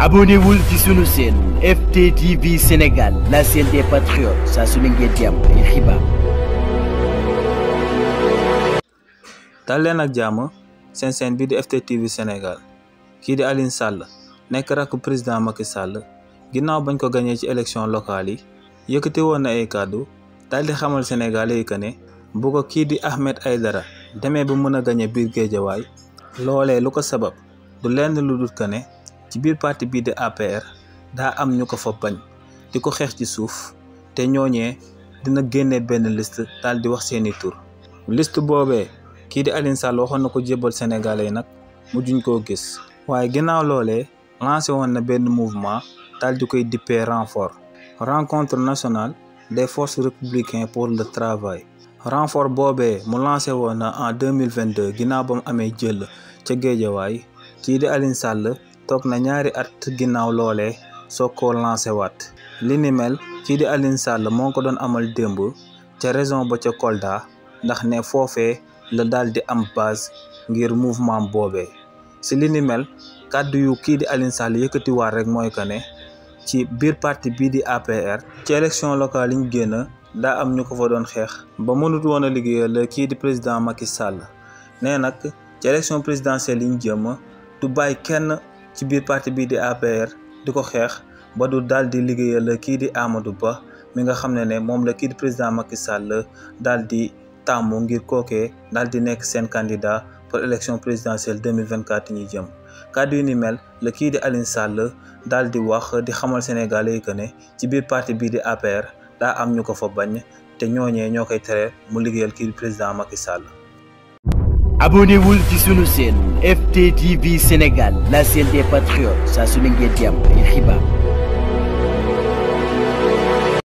abonnez vous sur notre chaîne FTTV Sénégal la chaîne des patriotes ça se met ngeen di am ay xibaar. dal leen ak de FTTV Sénégal qui est Aline Sall nekk rakk président Macky Sall qui bañ ko gañee ci élection locale yi yëkkati woon na ay kàddu daal di xamal Sénégalais yi que ne bu ko Ahmed Aïdara demee ba mën a gañe biir Géejawaay loolee lu ko sabab du lenn lu dul que ci biir parti bii de APR daa am ñu ko fa bañ di ko xeex ci suuf te ñooñee dina génne benn liste daal di wax seeni tur list boobee kii di Alioune Sall waxoon na ko jébal Sénégalais yi nag mujjuñ koo gis waaye ginnaaw loolee lancé woon na benn mouvement daal di koy dippee renfort rencontre national des forces républicaines pour le travail renfort boobee mu lancé woon na en 2022 ginnaaw ba mu amee jël ca géejawaay kii di alin Sall toog na ñaari at ginnaaw loolee soog koo lancé wat li ni mel ci di Alioune Sall moo ko doon amal démb ca raison ba ca Kolda ndax ne foofee la dal di am base ngir mouvement boobee si li ni mel kàddu yu kii di Alioune Sall yëkkati waat rek mooy que ne ci biir parti bii di APR ci élection locale yi ñu génn daa am ñu ko fa doon xeex ba mënut woon a liggéeyal kii di président Macky Sall nee nag ci élection présidentielle ñu jëm du bàyyi kenn ci biir parti bii di APR di ko xeex ba du daal di liggéeyal kii di Amadou Ba mi nga xam ne ne moom la kii di président Macky Sall daal di tàmmu ngir kookee daal di nekk seen candidat pour élection présidentielle 2024 ñi jëm kàddu yu ni mel la kii di Aline Sall daal di wax di xamal Sénégalais yi que ne ci biir parti bii di APR daa am ñu ko fa bañ te ñooñee ñoo koy tere mu liggéeyal kii di président Macky Sall abonnez-vous sur notre chaîne FTTV Sénégal la chaîne des patriotes Ça, se ne ngeen di